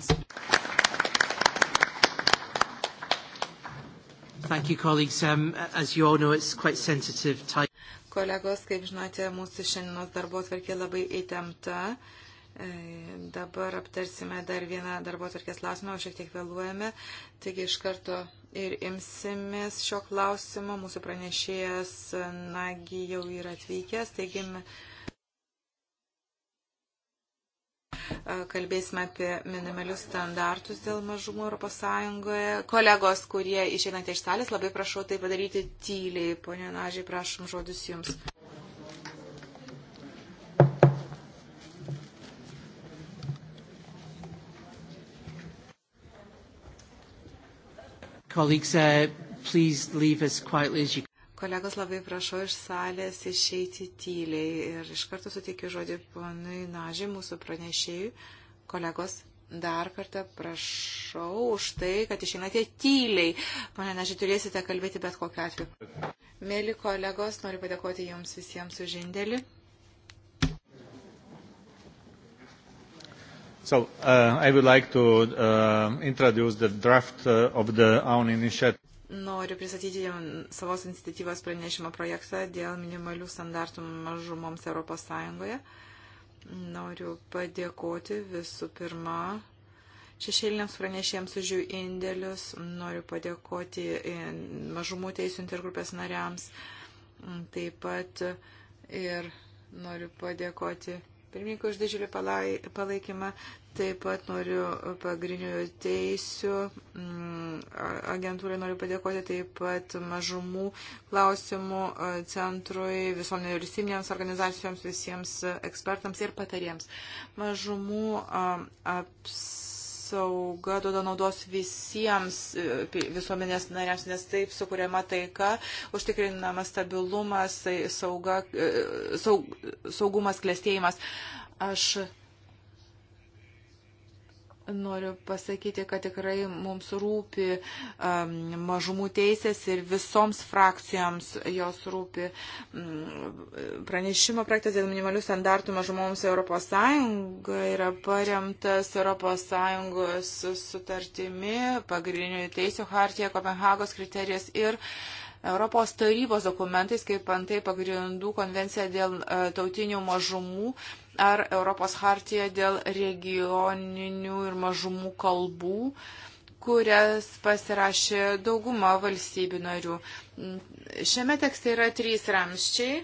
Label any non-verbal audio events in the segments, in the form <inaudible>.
Jums. Thank you, colleagues. Um, as you all know, it's quite sensitive time. Kolegos, kaip žinote, mūsų šiandienos darbo atvarkė labai įtempta. E, dabar aptarsime dar vieną darbo atvarkės klausimą, o šiek tiek vėluojame. Taigi iš karto ir imsimės šio klausimo. Mūsų pranešėjas Nagi jau yra atvykęs. Taigi, kalbėsime apie minimalius standartus dėl mažumų Europos Sąjungoje. Kolegos, kurie išeinate iš salės, labai prašau tai padaryti tyliai. Pone Nažiai, prašom žodis jums. Colleagues, uh, please leave as quietly as you Kolegos, labai prašau iš salės išeiti tyliai ir iš karto suteikiu žodį ponui Nažiai, mūsų pranešėjui. Kolegos, dar kartą prašau už tai, kad išeinate tyliai. Pane Nažiai, turėsite kalbėti bet kokiu atveju. Mėly kolegos, noriu padėkoti Jums visiems už indėlį. So uh, I would like to uh, introduce the draft uh, of the own initiative. Noriu pristatyti savos iniciatyvos pranešimo projektą dėl minimalių standartų mažumoms ES. Noriu padėkoti visų pirma šešėliniams pranešėjams už jų indėlius. Noriu padėkoti mažumų teisų intergrupės nariams. Taip pat ir noriu padėkoti pirmininkui už didžiulį palaikymą, Taip pat noriu pagrindinių teisių mm, agentūrai noriu padėkoti, taip pat mažumų klausimų centrui, visom nevyriausybinėms organizacijoms, visiems ekspertams ir patariems. Mažumų apsauga duoda naudos visiems e, visuomenės nariams, nes taip sukūrėma taika, užtikrinamas stabilumas, tai sauga, e, saug, saugumas, klėstėjimas. Aš Noriu pasakyti, kad tikrai mums rūpi um, mažumų teisės ir visoms frakcijoms jos rūpi um, pranešimo projektas dėl minimalių standartų mažumoms ES yra paremtas ES sutartimi, pagrindinių teisų hartija, Kopenhagos kriterijais ir uh, Europos tarybos dokumentais, kaip antai pagrindų konvencija dėl e, tautinių mažumų ar Europos hartija dėl regioninių ir mažumų kalbų kurias pasirašė dauguma valstybių narių. Šiame tekste yra trys ramščiai,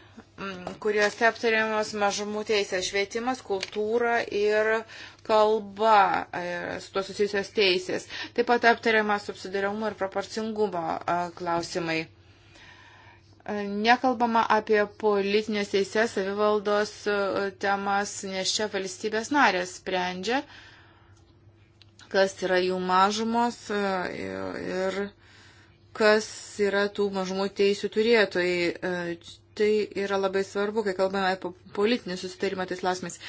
kuriuose aptariamos mažumų teisės - švietimas, kultūra ir kalba, e, su to susijusios teisės. Taip pat aptariamas subsidiarumo ir proporcingumo e, klausimai. Nekalbama apie politinės teisės savivaldos e, temas, nes čia valstybės narės sprendžia, kas yra jų mažumos e, ir kas yra tų mažumų teisų turėtojai. E, tai yra labai svarbu, kai kalbame apie politinį susitarimą tais lasmės.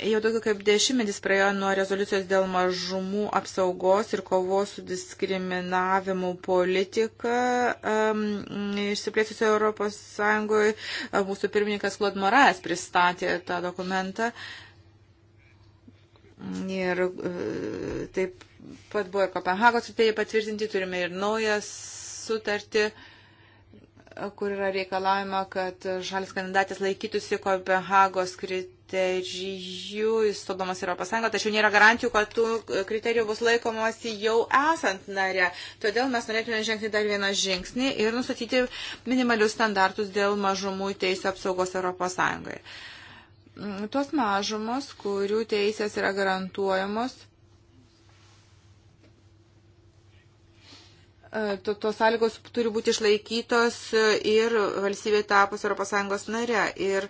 Jau daugiau kaip dešimtmetis praėjo nuo rezoliucijos dėl mažumų apsaugos ir kovos su diskriminavimu politika um, išsiplėtusio Europos Sąjungoje. Mūsų pirmininkas Claude Moras pristatė tą dokumentą. Ir e, taip pat buvo ir Kopenhagos sutartėje patvirtinti, turime ir naują sutartį. Uh, kur yra reikalavima, kad šalis kandidatės laikytųsi Kopenhagos kriterijų įstodamas Europos Sąjungą, tačiau nėra garantijų, kad tų kriterijų bus laikomasi jau esant narė. Todėl mes norėtume žengti dar vieną žingsnį ir nustatyti minimalius standartus dėl mažumų teisų apsaugos Europos Sąjungoje. Mm, tuos mažumus, kurių teisės yra garantuojamos, E, to, tos sąlygos turi būti išlaikytos e, ir valstybė tapus ES nare. Ir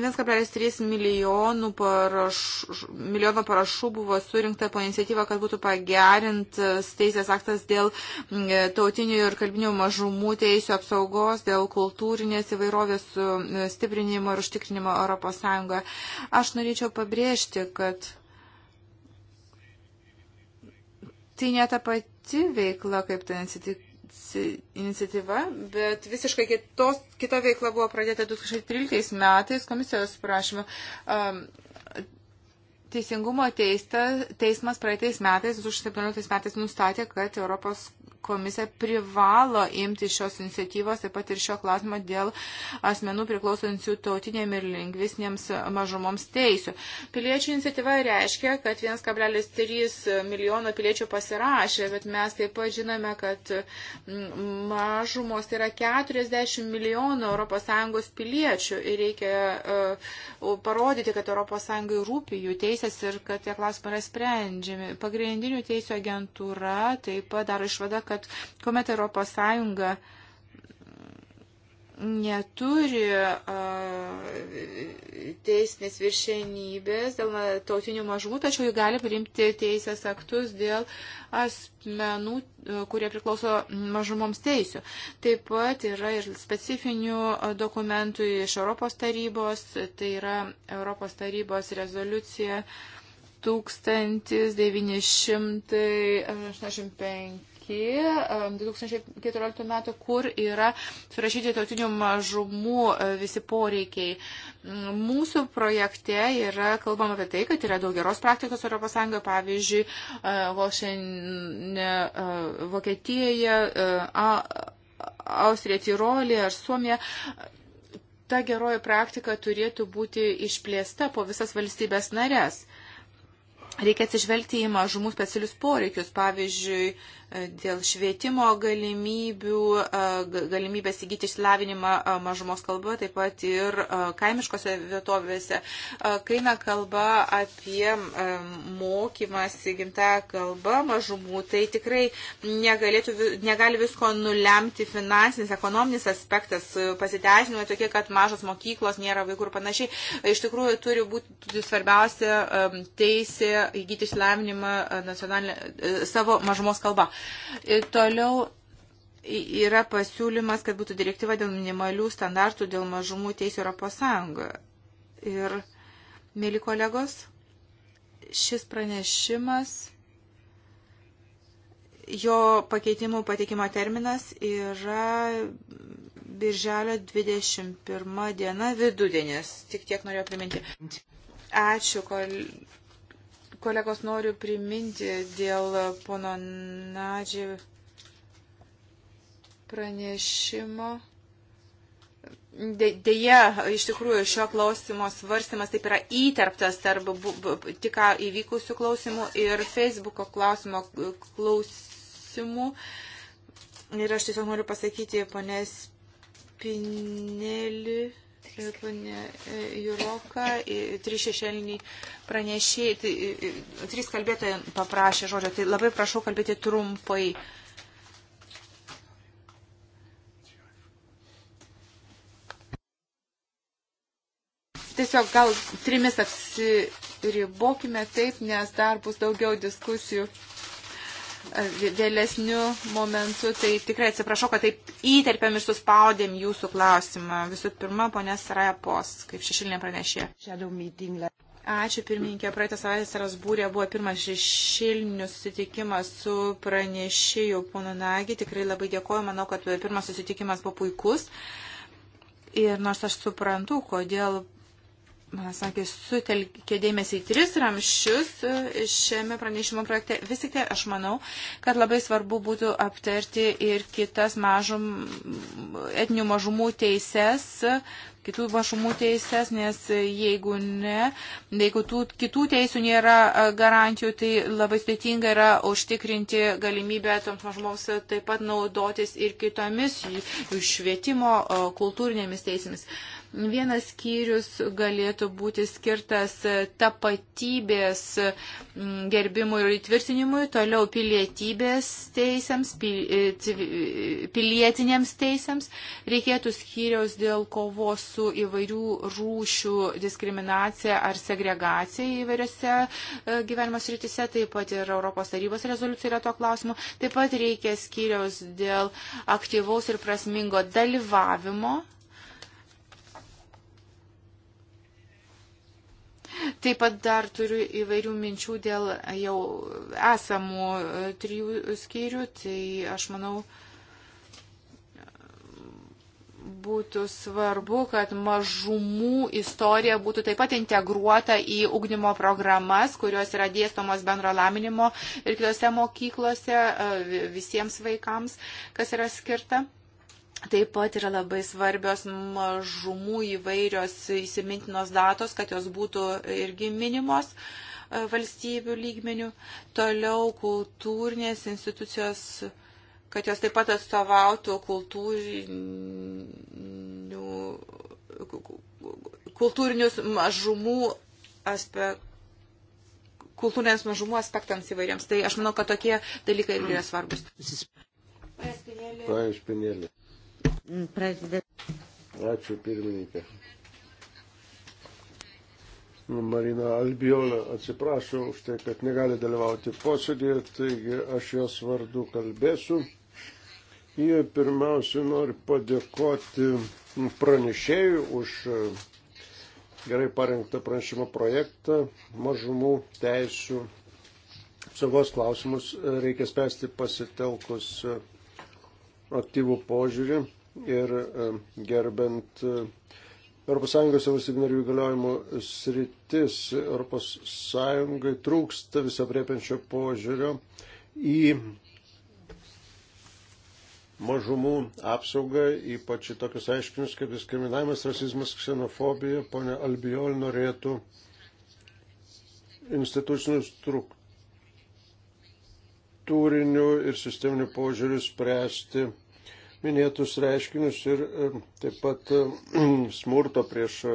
1,3 milijonų parašų, milijono parašų buvo surinkta po iniciatyvą, kad būtų pagerintas teisės aktas dėl mm, e, tautinių ir kalbinių mažumų teisų apsaugos, dėl kultūrinės įvairovės mm, stiprinimo ir užtikrinimo ES. Aš norėčiau pabrėžti, kad tai ne ta pati veikla, kaip ta iniciatyva, bet visiškai kitos, kita veikla buvo pradėta 2013 metais komisijos prašymu. Um, Teisingumo teista, teismas praeitais metais, 2017 metais nustatė, kad Europos komisija privalo imti šios iniciatyvos, taip pat ir šio klausimo dėl asmenų priklausančių tautiniam ir lingvisniems mažumoms teisių. Piliečių iniciatyva reiškia, kad 1,3 milijono piliečių pasirašė, bet mes taip pat žinome, kad mm, mažumos tai yra 40 milijonų ES piliečių ir reikia uh, parodyti, kad ES rūpi jų teisės ir kad tie klausimai yra sprendžiami. Pagrindinių teisų agentūra taip pat daro išvadą, kad kad kuomet ES neturi teisinės viršenybės dėl tautinių mažumų, tačiau jį gali priimti teisės aktus dėl asmenų, kurie priklauso mažumoms teisių. Taip pat yra ir specifinių dokumentų iš Europos tarybos, tai yra Europos tarybos rezoliucija 1985 iki 2014 metų, kur yra surašyti tautinių mažumų e, visi poreikiai. Mūsų projekte yra kalbama apie tai, kad yra daug geros praktikos ES, pavyzdžiui, e, e, Vokietijoje, Austrija, Tirolė ar Suomija ta geroji praktika turėtų būti išplėsta po visas valstybės narės. Reikia atsižvelgti į mažumų specialius poreikius, pavyzdžiui, e, dėl švietimo galimybių, e, galimybės įgyti išsilavinimą e, mažumos kalba, taip pat ir kaimiškose vietovėse. Kai eina kalba apie mokymąsi gimtąją kalbą mažumų, tai tikrai negalėtų, negali visko nulemti finansinis, ekonominis aspektas, pasiteisinimai tokie, kad mažos mokyklos nėra vaikų ir panašiai. Iš tikrųjų, turi būti svarbiausia teisė galimybę įgyti išsilavinimą e, e, savo mažumos kalbą. Ir e, toliau yra pasiūlymas, kad būtų direktyva dėl minimalių standartų dėl mažumų teisų Europos Sąjungoje. Ir, mėly kolegos, šis pranešimas, jo pakeitimų pateikimo terminas yra birželio 21 diena vidudienis. Tik tiek norėjau priminti. Ačiū, kol kolegos noriu priminti dėl pono Nadži pranešimo. Deja, iš tikrųjų, šio klausimo svarstymas taip yra įterptas tarp tik įvykusių klausimų ir Facebooko klausimo klausimų. Ir aš tiesiog noriu pasakyti, ponės Pineliui Pane Juroka, trys šešėliniai pranešėjai, tai, trys kalbėtojai paprašė žodžio, tai labai prašau kalbėti trumpai. Tiesiog gal trimis apsiribokime taip, nes dar bus daugiau diskusijų vėlesniu momentu, tai tikrai atsiprašau, kad taip įterpėm ir suspaudėm jūsų klausimą. Visų pirma, ponė Saraja Post, kaip šešilinė pranešė. Ačiū pirmininkė, praeitą savaitę Sarasbūrė buvo pirmas šešilinių susitikimas su pranešėju pono Nagi, tikrai labai dėkoju, manau, kad pirmas susitikimas buvo puikus. Ir nors aš suprantu, kodėl man sakė, sutelkė dėmesį į tris ramščius e, šiame pranešimo projekte. Vis tik tai aš manau, kad labai svarbu būtų aptarti ir kitas mažum, etinių mažumų teises, kitų mažumų teises, nes jeigu ne, jeigu tų, kitų teisų nėra e, garantijų, tai labai sudėtinga yra užtikrinti galimybę toms mažumoms taip pat naudotis ir kitomis jų švietimo kultūrinėmis teisėmis. Vienas skyrius galėtų būti skirtas tapatybės mm, gerbimui ir įtvirtinimui, toliau pilietybės teisėms, e, e, pilietinėms teisėms. Reikėtų skyriaus dėl kovos su įvairių rūšių diskriminacija ar segregacija įvairiose e, gyvenimo srityse, taip pat ir Europos tarybos rezoliucija yra to klausimu. Taip pat reikia skyriaus dėl aktyvaus ir prasmingo dalyvavimo Taip pat dar turiu įvairių minčių dėl jau esamų e, trijų skyrių, tai aš manau, būtų svarbu, kad mažumų istorija būtų taip pat integruota į ugdymo programas, kurios yra dėstomos bendro laminimo ir kitose mokyklose e, visiems vaikams, kas yra skirta. Taip pat yra labai svarbios mažumų įvairios įsimintinos datos, kad jos būtų irgi minimos e, valstybių lygmenių. Toliau kultūrinės institucijos, kad jos taip pat atstovautų kultūrinių, kultūrinius mažumų aspektus kultūrinės mažumų aspektams įvairiems. Tai aš manau, kad tokie dalykai irgi yra svarbus. Paaiškinėlė. Ačiū pirmininkė. Marina Albiolė atsiprašo už tai, kad negali dalyvauti posėdėje, taigi aš jos vardu kalbėsiu. Jie pirmiausia nori padėkoti pranešėjui už gerai parengtą pranešimo projektą. Mažumų teisų apsaugos klausimus reikia spęsti pasitelkus aktyvų požiūrį ir e, gerbent ES valstybių narių įgaliojimų sritis. ES trūksta visapriepiančio požiūrio į mažumų apsaugą, ypač į tokius aiškinius kaip diskriminavimas, rasizmas, ksenofobija. Pone Albiol norėtų institucinių struktūrinių ir sisteminių požiūrių spręsti minėtus reiškinius ir e, taip pat e, <clears throat> smurto prieš e,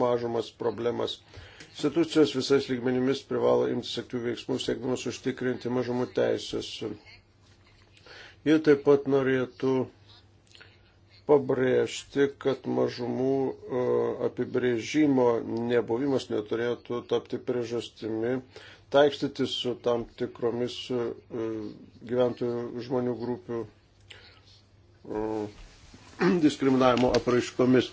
mažumas problemas. Institucijos visais lygmenimis privalo imtis aktyvių veiksmų, siekdamas užtikrinti mažumų teisės. Jie taip pat norėtų pabrėžti, kad mažumų apibrėžimo nebuvimas neturėtų tapti priežastimi taikstytis su tam tikromis gyventojų žmonių grupių Mm, <clears throat> diskriminavimo apraiškomis.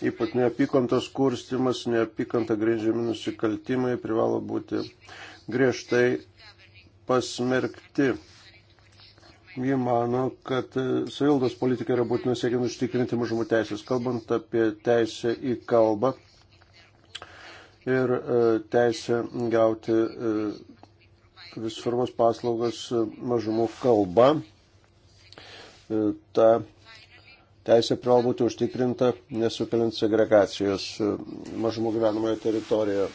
Ypač neapykantos kurstimas, neapykanta grindžiami nusikaltimai privalo būti griežtai pasmerkti. Ji mano, kad savildos politika yra būtina siekiant užtikrinti mažumų teisės. Kalbant apie teisę į kalbą ir e, teisę gauti e, visus svarbos paslaugas e, mažumų kalba. E, ta teisė privalo būti užtikrinta, nesukeliant segregacijos e, mažumų gyvenamoje teritorijoje.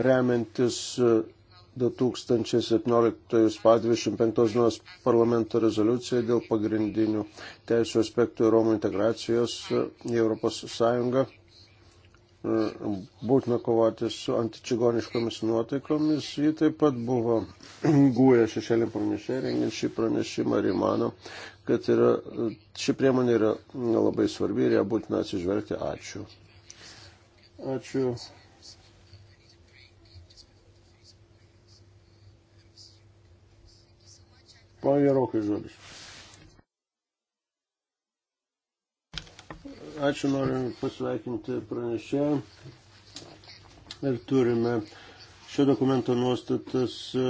Remiantis 2017 spalio 25 dienos parlamento rezoliucija dėl pagrindinių teisų aspektų Romų integracijos į ES E, būtina kovoti su antičigoniškomis nuotaikomis. Ji taip pat buvo <clears throat> gūję šešėlį pranešę, rengiant šį pranešimą ir įmano, kad yra, ši priemonė yra labai svarbi ir ją būtina atsižvelgti. Ačiū. Ačiū. Pane Jarokai žodis. Ačiū, noriu pasveikinti pranešėją. Ir turime šio dokumento nuostatas e,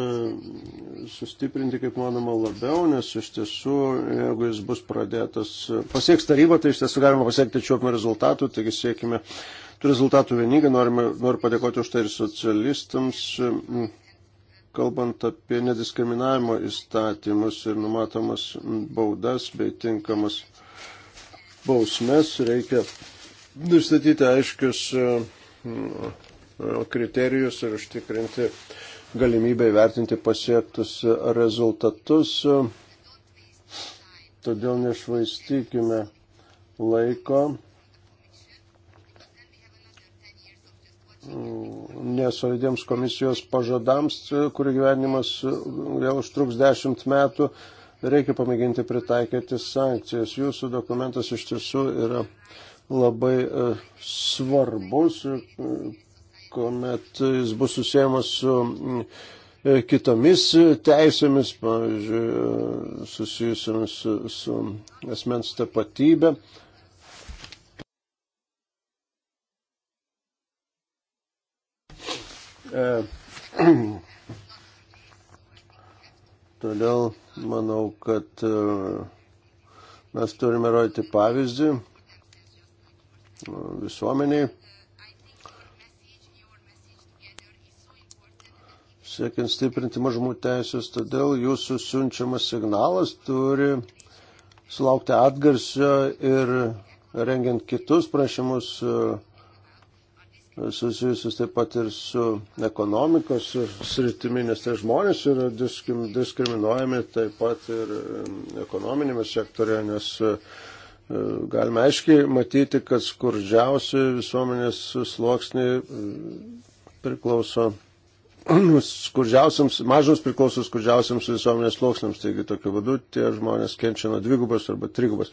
sustiprinti kaip manoma labiau, nes iš tiesų, jeigu jis bus pradėtas, e, pasieks tarybą, tai iš tiesų galima pasiekti čiopimą rezultatų, taigi siekime tų rezultatų vieningai, norime, noriu padėkoti už tai ir socialistams, e, kalbant apie nediskriminavimo įstatymus ir numatomas baudas bei tinkamas bausmes, reikia nustatyti aiškius e, e, kriterijus ir užtikrinti galimybę įvertinti pasiektus rezultatus. Todėl nešvaistykime laiko, nesolidiems komisijos pažadams, kurių gyvenimas vėl užtruks dešimt metų reikia pamėginti pritaikyti sankcijas. Jūsų dokumentas iš tiesų yra labai e, svarbus, e, kuomet jis bus susijęs su e, kitomis teisėmis, pavyzdžiui, susijusiamis su, su asmens tapatybė. E, <clears throat> Todėl manau, kad e, mes turime rodyti pavyzdį e, visuomeniai. Siekiant stiprinti mažumų teisės, todėl jūsų siunčiamas signalas turi sulaukti atgarsio ir rengiant kitus prašymus uh, susijusius taip pat ir su ekonomikos sritimi, nes tai žmonės yra diskim, diskriminuojami taip pat ir ekonominėme sektorėje, nes e, galime aiškiai matyti, kad skurdžiausi visuomenės sluoksniai e, priklauso <clears throat> skurdžiausiams, mažos priklauso skurdžiausiams visuomenės sluoksniams, taigi tokiu būdu tie žmonės kenčia nuo dvigubos arba trigubos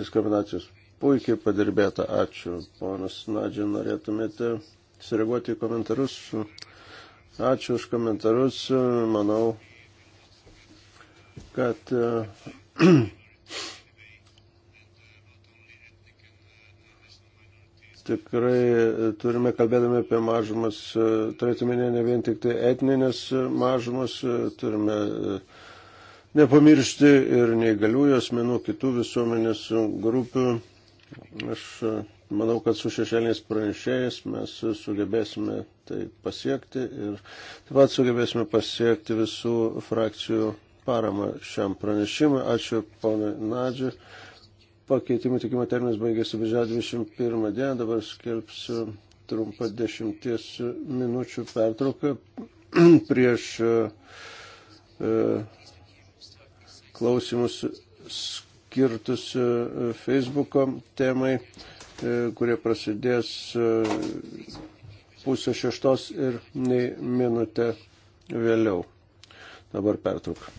diskriminacijos. Puikiai padirbėta, ačiū. Ponas Nadžia, norėtumėte sureaguoti į komentarus? Ačiū už komentarus. Manau, kad <clears throat> tikrai turime kalbėdami apie mažumas, turėtume ne vien tik tai etninės mažumas, turime e, nepamiršti ir neįgaliųjų asmenų, kitų visuomenės grupių. Aš e, manau, kad su šešėliniais pranešėjais mes sugebėsime tai pasiekti ir taip pat sugebėsime pasiekti visų frakcijų paramą šiam pranešimui. Ačiū ponui Nadžiui pakeitimų tikimo terminas baigėsi birželio 21 dieną, dabar skelbsiu trumpą dešimties minučių pertrauką <clears throat> prieš e, e klausimus skirtusi e, Facebook'o temai, e, kurie prasidės e, pusę šeštos ir nei minutę vėliau. Dabar pertrauka.